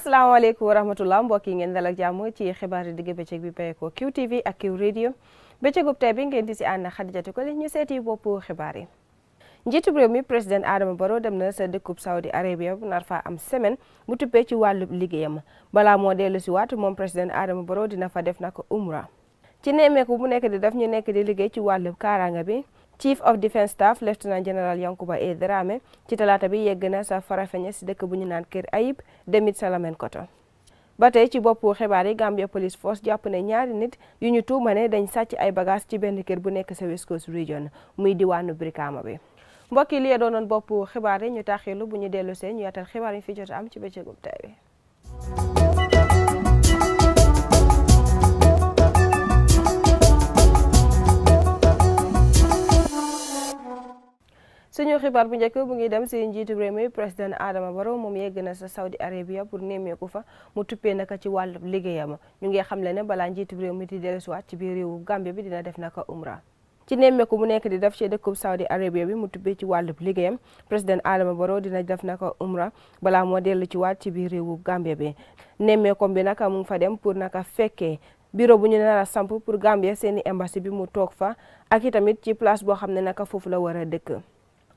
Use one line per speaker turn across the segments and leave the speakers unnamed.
asalaamaaleykum wa rahmatullah mbokk yi ngeen dal ak jàmm ci xibaari digg bëccëg bi bàyyeekoo QTV ak Q Radio bëccëgub tey bi ngeen di si ànd Xadijatu Kole ñu seeti bopp xibaar yi. njiitu réew mi président Adama Barrow dem na sa dëkkub Saudi Arabia bu nar faa am semaine bu tuppee ci wàllu liggéeyam balaa moo dellu si waat moom président Adama Barrow dina fa def na naka umra. ci nemmeeku bu nekk di def ñu nekk di liggéey ci wàllu kaaraanga bi. Chief of Defence Staff Lieutenant General Yankuba A ci talaata bi yegg na sa Farafenni si dëkk bu ñu naan Kër Ayib demit Salameen Koto ba tey ci boppu xibaar yi Gambia Police Force jàpp ne ñaari nit yu ñu tuuma ne dañ sàcc ay bagages ci benn kër bu nekk sa West Coast Region muy diwaanu Brikama bi mbokk yi li doonoon boppu xibaar yi ñu taxilu bu ñu dellu see ñu yaatal xibaar yi fi jot am ci bëccëgum tey bi suñu xibaar bu njëkk bu ngi dem si njiitu réew mi président Adama Barrow moom yegg na sa Saudi Arabia pour nemmeeku fa mu tuppee naka ci wàllu liggéeyam ñu ngi xamle ne balaa njiitu réew mi di dellusiwaat ci biir réewu Gambie bi dina def naka umra. ci nemmeeku mu nekk di def ci dëkkub Saudi Arabia bi mu tubbee ci wàllub liggéeyam président Adama Barrow dina def naka umra balaa moo dellu ci waat ci biir réewub Gambia bi nemmeekom bi naka mu ngi fa dem pour naka fekkee bureau bu ñu nar a samp pour Gambia seeni embassy bi mu toog fa ak itamit ci place boo xam ne naka foofu la war a dëkk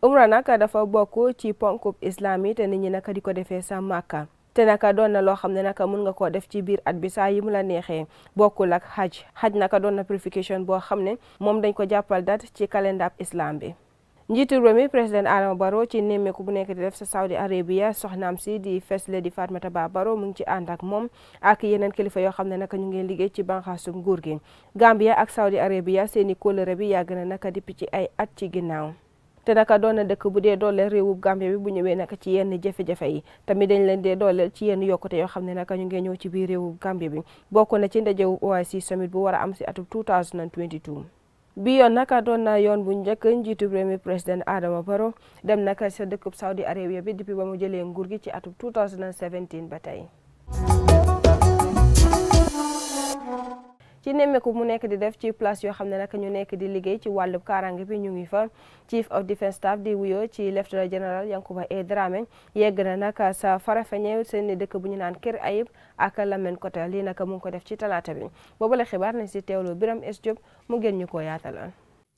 umra nag dafa bokk ci ponkub islam yi te nit ñi nag di ko defee sa màkka te naka doon na loo xam ne naka mun nga koo def ci biir at bi saa yi mu la neexee bokkul ak xaj xaj naka doon na purification boo xam ne moom dañ ko jàppal date ci calendar islam bi njiitu réew mi président Adama Barrow ci nemmeeku bu nekk di def sa Saudi Arabia soxnaam si di First Lady Fatoumatta Bah Barrow mu ngi ci ànd ak moom ak yeneen kilifa yoo xam ne naka ñu ngi liggéey ci banqaasum nguur gi Gambia ak Saudi Arabia seeni kóllëre bi yàgg na naka depuis ci ay at ci ginnaaw te naka doon na dëkk bu dee doole réewub Gambie bi bu ñëwee naka ci yenn jafe-jafe yi tamit dañ leen dee dooleel ci yenn yokkute yoo xam ne naka ñu ngi ñëw ci biir réewub Gambie bi bokk na ci ndajewu OIC summit bu war am si atum 2022 bi yoon na doon na yoon bu njëkk njiitu premier président Adama Barrow dem naka sa dëkkub Saudi Arabia bi depuis ba mu jëlee ngur gi ci atum 2017 ba tey ci nemmeeku mu nekk di def ci place yoo xam ne nag ñu nekk di liggéey ci wàllu kaaraange bi ñu ngi fa chief of defence staff di wuyoo ci lieutenant général Yankuba A Dramé yegg na nag sa Farafeñe seen dëkk bu ñu naan Kër Ayib ak Lamen Kota lii nag mu ngi ko def ci talaata bi boobale xibaar nañ si teewloo Biram S Diop mu gën ñu ko yaatalal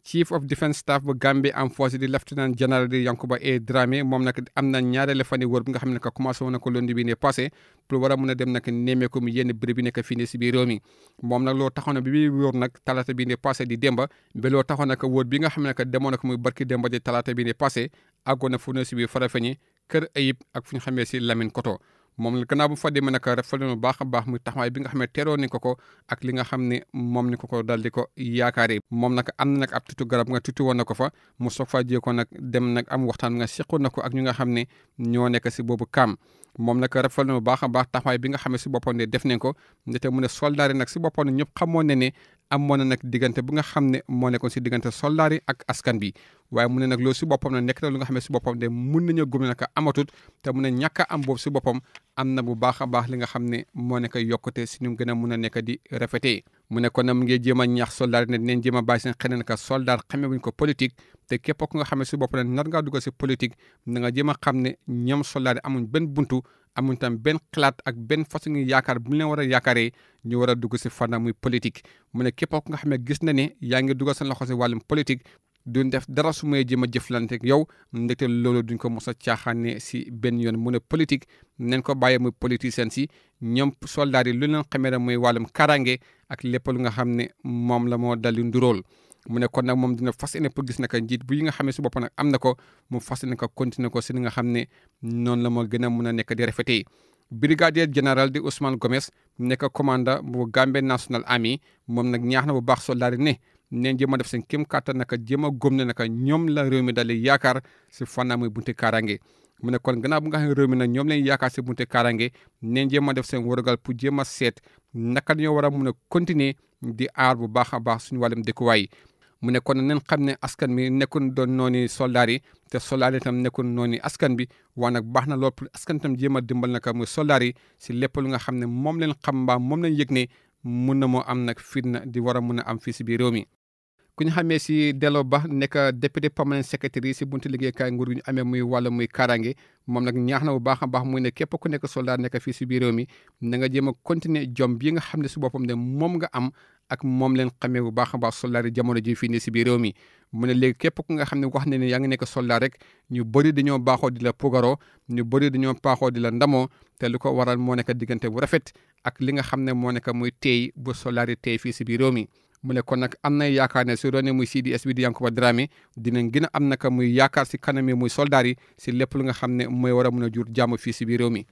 chief of defence staff bu Gambia Armed Forces di lieutenant Yankuba A Dramé moom nag am na ñaareelu fan yi bi nga xam ne que commencé woon na ko bi ne passé pour war a mun a dem nag nemmeeku mi yenn béréb yi nekk fii nii si biir réew mi moom nag loo taxoon bi muy wóor talaata bi ne passé di demba ba loo taxoon nag bi nga xam ne que demoon na ko barki demba di talaata bi ne passé àggoon na fu ne si biir Farafeñi Kër Ayib ak fu ñu moom gannaaw bu fa demee nag rafetlu na baax a baax muy taxawaay bi nga xam ne ko ko ak li nga xam ne moom ni ko ko dal di ko yaakaaree moom nag am na nag ab tutu garab nga tutu woon na ko fa mu soog faa jéego nag dem nag am waxtaan nga seqoon na ko ak ñu nga xam ne ñoo nekk si boobu kaam moom nag rafetlu na baax a baax taxawaay bi nga xam si boppam ne def nañ ko ndete mu ne soldaar nag si boppam ne ñëpp xamoon ne ne amoon na nag diggante bu nga xam ne moo ko si diggante soldaar ak askan bi waaye mu ne nag loolu si boppam nag nekk na lu nga xam ne si boppam de mun nañoo ne nag amatut te mu ne ñàkk am boobu si boppam am na bu baax a baax li nga xam ne moo nekk yokkute si ñu gën a mun a nekk di rafetee mu ne kon nag mu ngi jéem a ñaax soldat ne dinañ jéem a bàyyi seen xel ne nag soldat xamee ko politique te képp ku nga xam si boppam nag nar ngaa duggal si politique nga jéem a xam ne ñoom soldat amuñ benn buntu amuñ tam benn xalaat ak benn façon ngi yaakaar bu ñu leen war a yaakaaree ñu war a dugg si fànn muy politique mu ne képp ku nga xam ne gis na ne yaa ngi dugal seen loxo si wàllum politique du def dara su may jëm a jëflanteeg yow ndegte loolu duñ ko mos a caaxaane si benn yoon mu ne politique nañ ko bàyyi muy politicien si ñoom soldaari yi lu leen xamee ne muy wàllum karange ak lépp lu nga xam ne moom la moo dali nduróol mu ne nag moom dina fas yéene pour gis naka njiit bu yi nga xam ne su bopp nag am na ko mu fas yéene ko continuer ko si li nga xam ne noonu la moo gën a mun a nekk di rafetee. brigadier général di Ousmane Gomes nekk commandant bu Gambie National Army moom nag ñaax na bu baax soldats yi ne. neen jéem a def seen kéem kàttan naka jéem a góom ne naka ñoom la réew mi daal yaakaar si fànn muy bunte kaaraange mu ne kon gannaaw nga xam ne réew mi nag ñoom lañ yaakaar si bunte kaaraange neen jéem a def seen warugal pour jéem seet naka la ñoo war a mun a continuer di aar bu baax a baax suñu wàllum dëkkuwaay mu ne kon nañ xam ne askan bi nekkul doon nooni soldaar yi te soldaar yi itam nekkul noonu askan bi waaye nag baax na lool pour jéem a dimbal naka muy soldaar yi si lépp lu nga xam ne moom leen xam mbaa moom lañ yëg ne mun na moo am nag fitna di war a mun a am fii si biir réew mi ku ñu xamee si delloo Ba nekk député permanent secrétaire yi si buntu liggéeykaay nguur gi ñu amee muy wàll muy kaaraange moom nag ñaax na bu baax a baax muy ne képp ku nekk soldat nekk fii si biir réew mi na nga a continuer jom bii nga xam ne si boppam ne moom nga am ak moom leen xamee bu baax a baax soldat yi jamono ji fii nii si biir réew mi mu ne léegi képp ku nga xam ne wax ne ne yaa ngi nekk soldat rek bëri dañoo baaxoo di la pugaroo ñu bëri dañoo paaxoo di la ndamoo te ko waral moo nekk diggante bu rafet ak li nga xam ne moo nekk muy tey bu solaari tey fii si biir réew mi mu ne kon nag am na yaakaar ne su doonee muy CDS bi di Yankuba Dramé dinañ gën a am naka muy yaakaar si kanam yi muy soldaar si lépp lu nga xam ne mooy war a mun a jur jàmm fii si biir mi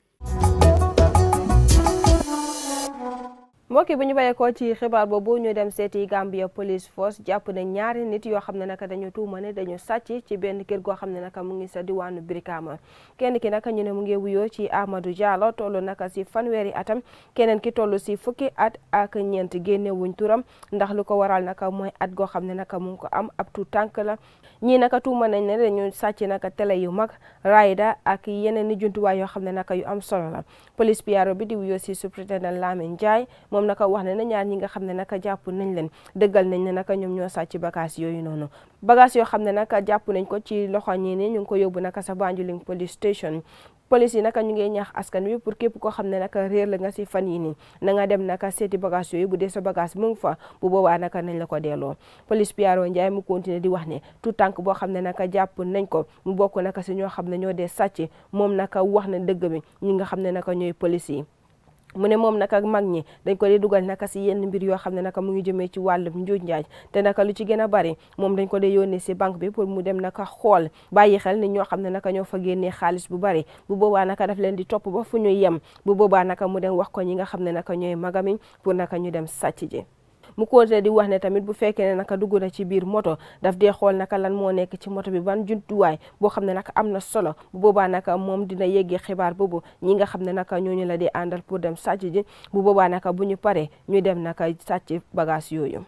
mbokk yi bu ñu bàyyeekoo ci xibaar boobu ñu dem seeti Gambia police force jàpp na ñaari nit yoo xam ne naka dañu tuuma ne dañu sàcc ci benn kër goo xam ne naka mu ngi sa diwaanu Brikama kenn ki naka ñu ne mu ngi wuyoo ci Amadou Diallo toll naka si fanweeri atam keneen ki toll si fukki at ak ñeent génne wuñ turam ndax lu ko waral naka mooy at goo xam ne naka mu ngi ko am ab tu tànk la ñii naka tuuma nañ ne dañu sàcc naka télé yu mag rayda ak yeneen i juntuwaay yoo xam ne naka yu am solo la police PRO bi di wuyoo si Superintendent Lamin Jaay moom naka wax ne na ñi nga xam ne naka jàpp nañ leen dëggal nañ ne naka ñoom ñoo sàcc bagage yooyu noonu bagage yoo xam ne naka jàpp nañ ko ci loxo ñi ne ñu ngi ko yóbbu naka sa Banjuling police station police yi naka ñu ngi ñaax askan wi pour képp koo xam ne naka réer la nga si fan yi nii na nga dem naka seeti bagage yooyu bu dee sa bagage mu ngi bu boobaa naka nañ la ko delloo police Piaro Ndiaye mu continué di wax ne tout tànk boo xam ne naka jàpp nañ ko mu bokk naka si ñoo xam ne ñoo dee sàcc moom naka wax na dëgg bi ñi nga xam ne naka ñooy police yi mu ne moom naka mag ñi dañ ko dee dugal naka si yenn mbir yoo xam ne naka mu ngi jëmee ci wàllum njuuj njaaj te naka lu ci gën a bari moom dañ ko dee yónnee si banque bi pour mu dem naka xool bàyyi xel ni ñoo xam ne naka ñoo fa génnee xaalis bu bari bu boobaa naka daf leen di topp ba fu ñu yem bu boobaa naka mu dem wax ko ñi nga xam ne naka ñooy magami pour naka ñu dem sàcc ji mu continué di wax ne tamit bu fekkee ne naka dugg na ci biir moto daf dee xool naka lan moo nekk ci moto bi ban jumtuwaay boo xam ne naka am na solo bu boobaa naka moom dina yeggee xibaar boobu ñi nga xam ne naka ñooñu la di àndal pour dem sàcc ji bu boobaa naka bu ñu paree ñu dem naka sàcc bagage yooyu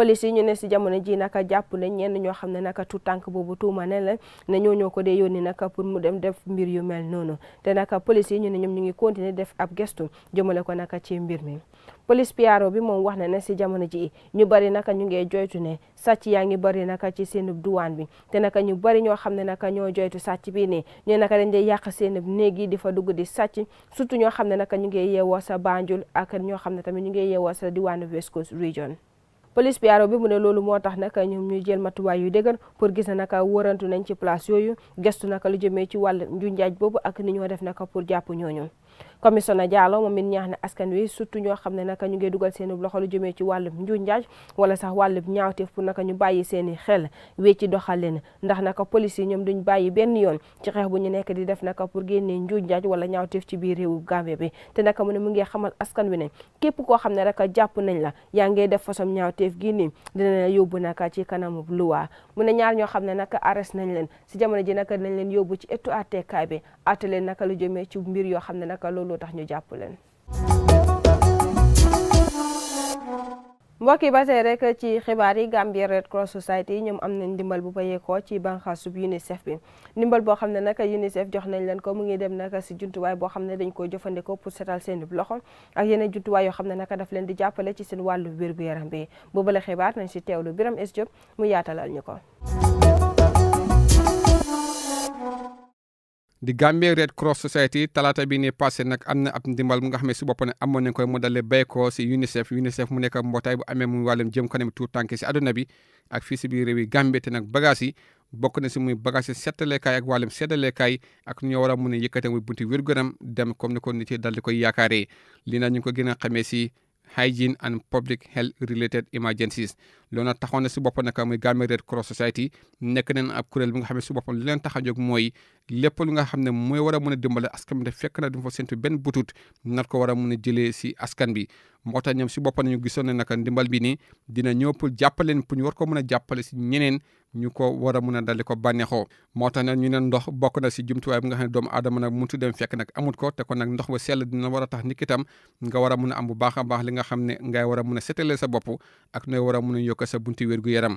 police yi ñu ne si jamono ji naka jàpp nañ ñenn ñoo xam ne naka tout tànk boobu tuuma ne na ne ñoo ñoo ko dee yónni naka pour mu dem def mbir yu mel noonu te naka police yi ñu ne ñoom ñu ngi continuer def ab gestu jëmale ko naka ci mbir mi police piaro bi moom wax na ne si jamono ji ñu bari naka ñu ngee joytu ne sàcc yaa ngi bari naka ci seenub duwaan bi te naka ñu bari ñoo xam ne naka ñoo joytu sàcc bi ne ñoo naka dañ dee yàq seenub néeg yi di fa dugg di sàcc surtout ñoo xam ne naka ñu ngee yeewoo sa Banjul ak ñoo xam ne tamit ñu ngee yeewoo sa diwaanu West Coast Region police bi aro bi mu ne loolu moo tax nag ñoom ñu jël matuwaay yu dëgër pour gis ne nag wërantu nañ ci place yooyu gestu nag lu jëmee ci wàll nju njaaj boobu ak ni ñoo def na nag pour jàpp ñooñu commissionnaire Diallo moom it ñaax na askan wi surtout ñoo xam ne naka ñu ngi dugal seen loxo lu jëmee ci wàllum njuuj njaaj wala sax wàllum ñaawteef pour naka ñu bàyyi seen i xel wee ci doxalin ndax naka police yi ñoom duñ bàyyi benn yoon ci xeex bu ñu nekk di def naka pour génnee njuuj njaaj wala ñaawteef ci biir réewu Gambie bi te naka mu ne mu ngi xamal askan wi ne képp koo xam ne rek jàpp nañ la yaa ngi def façon ñaawteef gi nii dina la yóbbu naka ci kanamu luwaa mu ñaar ñoo xam ne naka arrest nañ leen si jamono ji naka nañ leen yóbbu ci ettu àttekaay bi atte leen naka lu jëmee ci mbir yoo xam ne naka looloo tax ñu jàpp leen. mbokk yi ba rek ci xibaar yi Gambia Red Cross Society ñoom am na ndimbal bu bayeekoo ci banxaasub UNICEF bi ndimbal boo xam ne nag UNICEF jox nañ leen ko mu ngi dem naka si jumtuwaay boo xam ne dañ ko jëfandikoo pour setal seen loxo ak yeneen jumtuwaay yoo xam ne naka daf leen di jàppale ci seen wàllu wér gu yaram bi boobale xibaar nañ si teewlu Biram Es Diop mu yaatalal ñu ko
di Gambia Red Cross Society talaata bi ni passé nag am na ab ndimbal mu nga xam ne si bopp ne amoon nañ koy mu dalee bay ko si UNICEF UNICEF mu nekk mbootaay bu amee mu wàllum jëm kanam tuur tànk si àdduna bi ak fii si biir réew yi te nag bagages yi bokk na si muy bagage settalekaay ak wàllum seddalekaay ak ñoo war a mun a yëkkate muy bunti wér-gu-yaram dem comme ni ko nit yi dal di koy yaakaaree lii ñu ko gën a xamee si hygiene and public health related emergencies loolu taxoon na si boppam nag muy Gambia Red Cross nekk nañ ab kuréel bi nga xam ne si boppam li leen tax a lépp lu nga xam ne mooy war a mën a dimbale askan fekk na du fa benn butut nat ko war a mën a jëlee si askan bi moo tax ñoom si boppam ñu gisoon ne nag ndimbal bi nii dina ñëw pour jàppaleen pour ñu war ko mën a jàppale si ñeneen ñu ko war a mën a ko bànneexoo moo tax nag ñu ne ndox bokk na si jumtuwaay bi nga xam ne doomu aadama nag muntu dem fekk nag amut ko te ko nag ndox ba sell dina war a tax nit ki tam nga war a a am bu baax a baax li nga xam ne ngay war mun a sétalee sa bopp ak nooy war a mën a yokk ko sa buntu wér gu yaram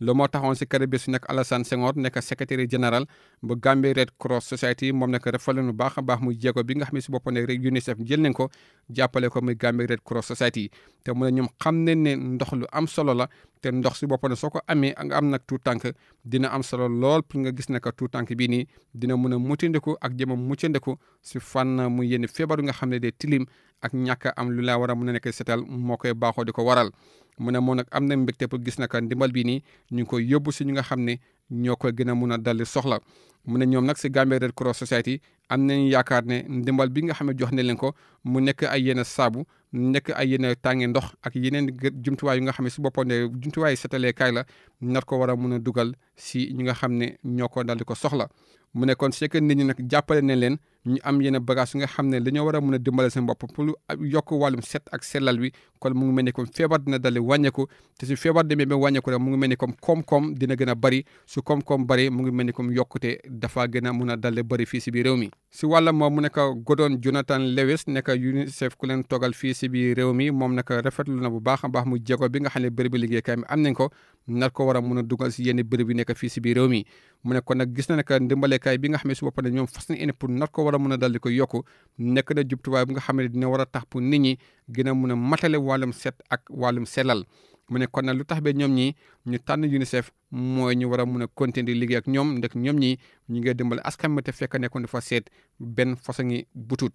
loolu moo taxoon si kër bi su nekk Alassane Senghor nekk secrétaire général bu Gambie Red Cross Society moom nekk rafetlu nu baax a baax muy jéego bi nga xam ne si boppam rek UNICEF jël nañ ko jàppale ko muy Gambie Red Cross Society te mu a ñoom xam ne ne ndox lu am solo la te ndox si boppam soo ko amee nga am nag tuut tànk dina am solo lool pour nga gis ne que tuut tànk bii nii dina mun a muccandiku ak jëmam muccandiku si fànn mu yenn feebar yi nga xam ne de tilim ak ñàkk am lu laa war a mun a nekk setal moo koy baaxoo di ko waral mu ne moom nag am na mbégte pour gis na ndimbal bii nii ñu ngi koy yóbbu si ñi nga xam ne ñoo koy gën a mun a dalli soxla mun ne ñoom nag si Gambia Red Cross Society am nañu yaakaar ne ndimbal bi nga xam ne jox ne leen ko mu nekk ay yenn saabu nekk ay yenn tànge ndox ak yeneen jumtuwaay yu nga xam ne si boppam ne jumtuwaay setalee kaay la nar ko war a mun a dugal si ñi nga xam ne ñoo ko daldi ko soxla mu ne kon c'est que nit ñi nag jàppale ne leen ñu am yenn bagage yi nga xam ne dañoo war a mën a dimbale seen bopp pour yokk wàllum set ak sellal wi kon mu ngi mel ni comme feebar dina dale wàññeeku te su feebar demee ba wàññeeku rek mu ngi mel ni comme koom-koom dina gën a bëri su koom-koom bëri mu ngi mel ni comme yokkute dafa gën a mun a dale bëri fii si biir réew mi si wàllam moom mu nekk Gordon Jonathan Lewis nekk UNICEF ku leen toogal fii si biir réew mi moom nag rafetlu na bu baax a baax mu jéego bi nga xam ne bërëb liggéeykaay mi am nañ ko nar ko war a mun a dugal si yenn bërëb yi nekk fii si biir réew mi mu ne kon nag gis na nag ndimbaleekaay bi nga xam ne su bopp ne ñoom fas na pour nar ko war a mën a dal di koy yokku nekk na jubtuwaay bu nga xam ne dina war a tax pour ni ñi gën mun a matale wàllum seet ak wàllum selal mu ne kon nag lu tax ba ñoom ñi ñu tànn UNICEF mooy ñu war a mun a continuer di liggéey ak ñoom ndax ñoom ñi ñu ngi dimbale askan wi te fekk nekkoon fa seet benn façon ngi butut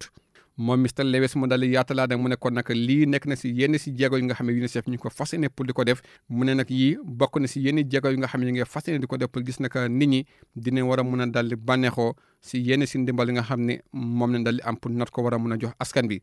moom Mister Lewes mu daal di yaatalaa nag mu ne kon nag lii nekk na si yenn si jéego yi nga xam ne UNICEF ñu ngi ko fas yéene pour ko def mu ne nag yii bokk na si yenn yi nga xam ne fas yéene di ko def pour gis naka nit ñi dina war a mun a daal di bànneexoo si yenn si ndimbal yi nga xam ne moom lañ daal di am pour nat ko war a mun a jox askan bi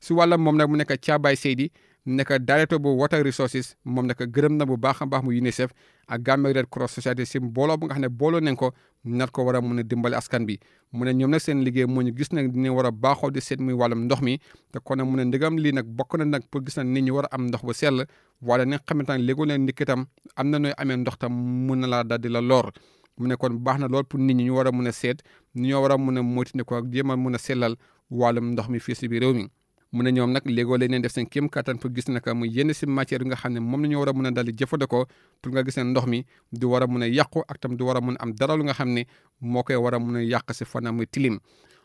si wàllam moom nag mu nekk Caabaay Seydi naka directeur bu water resources moom naka gërëm na bu baax a baax mu UNICEF ak Gambia Red Cross Society si mbooloo bu ne booloo nañ ko nat ko war a mun a dimbale askan bi mu ne ñoom nag seen liggéey moo ñu gis nag dina war a baaxoo di seet muy wàllum ndox mi te kon nag mu ne ndegam lii nag bokk na nag pour gis na nit ñi war a am ndox bu sell wala ni nga xamante ne léegoo leen ndikki tam am na nooy amee ndox tam mun na daal di la lor mu ne kon baax na lool pour nit ñi ñu war a mun a seet ni ñoo war a mun a moytandiku ak jéem a mun a sellal wàllum ndox mi fii si biir réew mi mu ne ñoom nag léegoo lañ leen def seen kéem kattan pour gis naka mu yenn si matière yi nga xam ne moom la ñu war a mun a daldi jëfandikoo pour nga gis ne ndox mi du war a mun a yàqu ak tam du war a mun am dara lu nga xam ne moo koy war a mun a yàq si fanamu tilim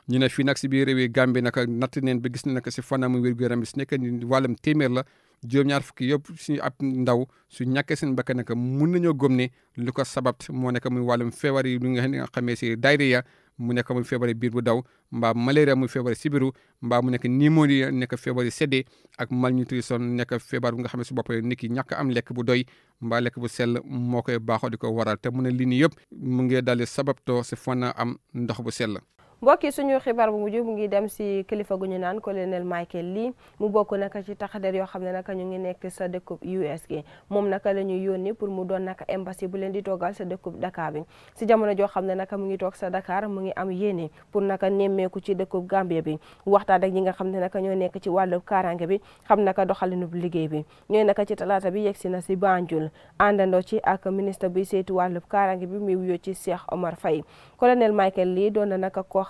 ñu ne fii nag si biir réew yi nag naka natt neen ba gis ne naka si fanamu wér-gu-yaram bi su nekk ni wàllum téeméer la juróom-ñaar fukki yëpp suñu ab ndaw su ñàkkee seen bakkan naka mun nañoo gëm ne lu ko sabab moo nekk muy wàllum feebar yi li nga xamee si diarrhée mu nekk muy feebari biir bu daw mbaa malaria muy feebari sibiru mbaa mu nekk pneumonie nekk feebari sedde ak malnutrition nekk feebar bu nga xam si bopp nit ki ñàkk am lekk bu doy mbaa lekk bu sell moo koy baaxoo di ko waral te mu ne lii nii yëpp mu ngi daal di sababtoo si fan am ndox bu sell
mbokk yi suñu xibaar bu mujj mu ngi dem si kilifa gu ñu naan colonel Michael Lee mu bokk naka ci taxader yoo xam ne naka ñu ngi nekk sa dëkkub US gi moom naka la ñuy yónni pour mu doon naka embassy bu leen di toogal sa dëkkub Dakar bi si jamono joo xam ne naka mu ngi toog sa Dakar mu ngi am yéene pour naka nemmeeku ci dëkkub Gambie bi waxtaan ak ñi nga xam ne naka ñoo nekk ci wàllub kaaraange bi xam naka doxalinub liggéey bi ñooy naka ci talaata bi yegg si na si Banjul àndandoo ci ak ministre bi saytu wàllub kaaraange bi muy ci Cheikh Omar Faye colonel Michael Lee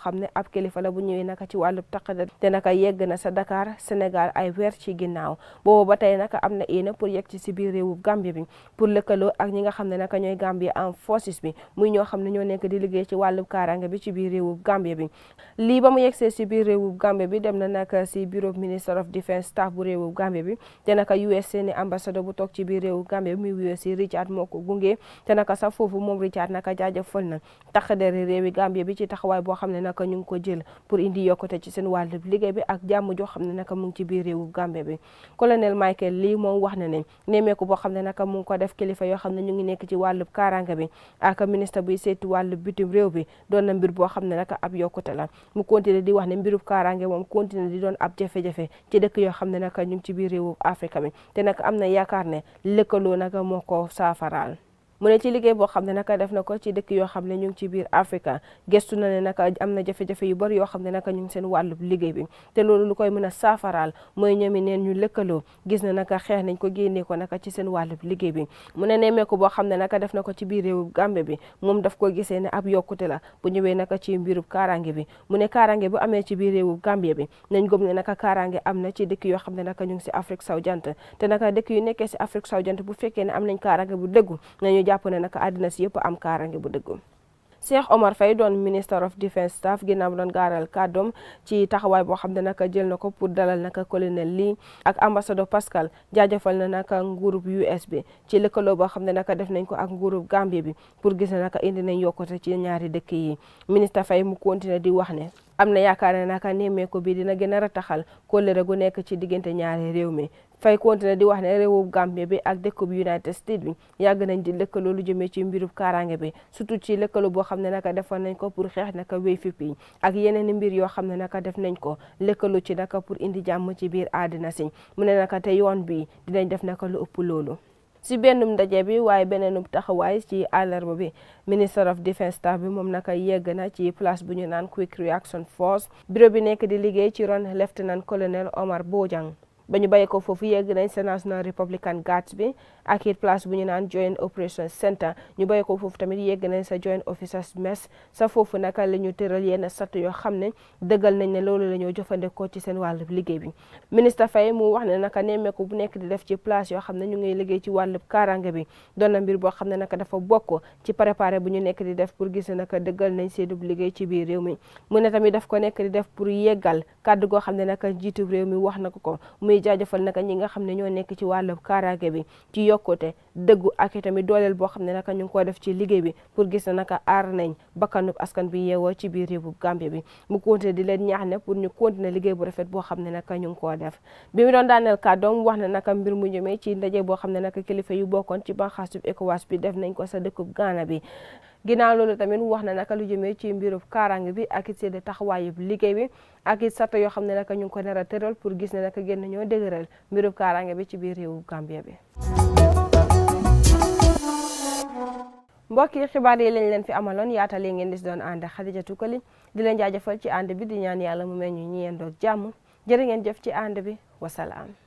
xam ne ab kilifa la bu ñëwee naka ci wàllub taqada te naka yegg na sa Dakar senegal ay weer ci ginnaaw boobu ba tey naka am na yéene pour yeg ci si biir réewub Gambie bi pour lëkkaloo ak ñi nga xam ne naka ñooy Gambie en forces bi muy ñoo xam ne ñoo nekk di liggéey ci wàllub kaaraange bi ci biir réewub Gambie bi lii ba mu yegsee si biir réewub Gambie bi dem na naka si bureau minister of defence staff bu réewub Gambie bi te naka US seeni ambassadeur bu toog ci biir réewub Gambie bi muy US si Richard moo ko gunge te naka sax foofu moom Richard naka jaajëfal na taxadari réewi Gambie bi taxawaay boo xam ne naka ñu ngi ko jël pour indi yokkute ci seen wàllu liggéey bi ak jàmm joo xam ne naka mu ngi ci biir réewu bi colonel Michael lii moom wax na ne nemeeku boo xam ne naka mu ngi ko def kilifa yoo xam ne ñu ngi nekk ci wàllub kaaraange bi ak ministre buy seeti wàllu bitim réew bi doon mbir boo xam ne naka ab yokkute la mu continuer di wax ne mbirub kaaraange moom continuer di doon ab jafe ci dëkk yoo xam ne naka ñu ngi ci biir réewu Afrique bi te naka am na yaakaar ne lëkkaloo naka moo ko saafaraal mu ne ci liggéey boo xam ne naka def na ko ci dëkk yoo xam ne ñu ngi ci biir Afrique gestu na ne naka am na jafe-jafe yu bari yoo xam ne naka ñu ngi seen wàllu liggéey bi te loolu lu koy mën a saafaraal mooy neen ñu lëkkaloo gis na naka xeex nañ ko génnee ko ci seen wàllu liggéey bi mu ne nemmeeku boo xam ne naka def na ko ci biir réewu Gàmbi bi moom daf ko gisee ne ab yokkute la bu ñëwee naka ci mbirub kaarange bi mu ne kaarange bu amee ci biir réewu Gàmbi bi nañ gëm ne naka kaarange am na ci dëkk yoo xam ne naka ñu ngi si Afrique sowu jant te naka dëkk yu si Afrique sowu jant bu fekkee ne am nañ kaarange bu dëggu jàpp ne nag àddina si yëpp am kaarange bu dëggum Cheikh Omar Faye doon minister of defence staff ginnaaw doon gaaral kàddoom ci taxawaay boo xam ne naka jël na ko pour dalal naka colonel Lee ak ambassadeur Pascal jaajëfal na naka nguurub US bi ci lëkkaloo boo xam ne naka def nañ ko ak nguurub Gambie bi pour gis ne naka indi nañ yokkute ci ñaari dëkk yi ministre Faye mu continué di wax ne. am na yaakaar ne naka nemmeeku bi dina gën a rataxal kóllëre gu nekk ci diggante ñaari réew mi fay continué di wax ne réewub Gambie bi ak dëkkub United States bi yàgg nañ di lëkkaloo lu jëmee ci mbirub kaaraange bi surtout ci lëkkaloo boo xam ne naka defoon nañ ko pour xeex naka wéy fi piñ ak yeneen mbir yoo xam ne naka def nañ ko lëkkaloo ci naka pour indi jàmm ci biir àddina si mu ne naka te yoon bi dinañ def na naka lu ëpp loolu si bennum ndaje bi waaye beneenum taxawaay ci àllarba bi minister of defence staff bi moom naka yegg na ci place bu ñu naan quick reaction force bureau bi nekk di liggéey ci ron lieutenant colonel Omar Bojang ba ñu bàyyi ko foofu yegg nañ International Republican Guards bi ak it place bu ñu naan Joint Operations Center ñu bàyyi ko foofu tamit yegg nañ sa Joint Officers Mess sa foofu naka la ñu tëral yenn sat yoo xam ne dëggal nañ ne loolu la ñoo jëfandikoo ci seen wàllub liggéey bi ministre Faye mu wax ne naka nemmeeku bu nekk di def ci place yoo xam ne ñu ngi liggéey ci wàllub kaaraange bi doon na mbir boo xam ne naka dafa bokk ci préparé bu ñu nekk di def pour gis naka dëggal nañ seenub liggéey ci biir réew mi mu ne tamit daf ko nekk di def pour yeggal kàddu goo xam ne naka njiitu réew mi wax na ko ko muy jaajëfal naka ñi nga xam ne ñoo nekk ci wàllu kaaraange bi ci yokkute dëggu ak itamit dooleel boo xam ne naka ñu ngi ko def ci liggéey bi pour gis ne naka aar nañ bakkanub askan bi yeewoo ci biir réewu Gambie bi mu continuer di leen ñaax ne pour ñu continuer liggéey bu rafet boo xam ne naka ñu ngi koo def bi mu doon ka kàddoom wax ne naka mbir mu jëmee ci ndaje boo xam ne naka kilifa yu bokkoon ci banxaasub ECOWAS bi def nañ ko sa dëkkub Gaana bi ginnaaw loolu tamit wax na naka lu jëmee ci mbirub kaaraange bi ak it seen taxawaayub liggéey bi ak it sata yoo xam ne naka ñu ngi ko nar a tëral pour gis ne naka génn ñoo dëgëral mbirub kaaraange bi ci biir réewu Gambia bi mbokk yi xibaar yi lañ leen fi amaloon yaatale ngeen di si doon ànd Xadijatu Koli di leen jaajëfal ci ànd bi di ñaan yàlla mu mel ñu ñi yendoog jàmm jërë ngeen jëf ci ànd bi wasalaam